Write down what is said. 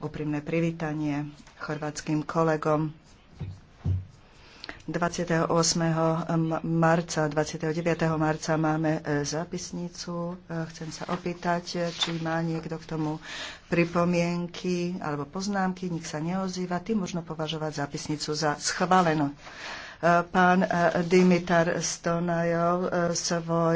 úprimné privítanie chorvátským kolegom. 28. marca, 29. marca máme e, zápisnicu. E, chcem sa opýtať, e, či má niekto k tomu pripomienky alebo poznámky. Nik sa neozýva. Tým možno považovať zápisnicu za schválenú. Pán Dimitar Stonajov svoj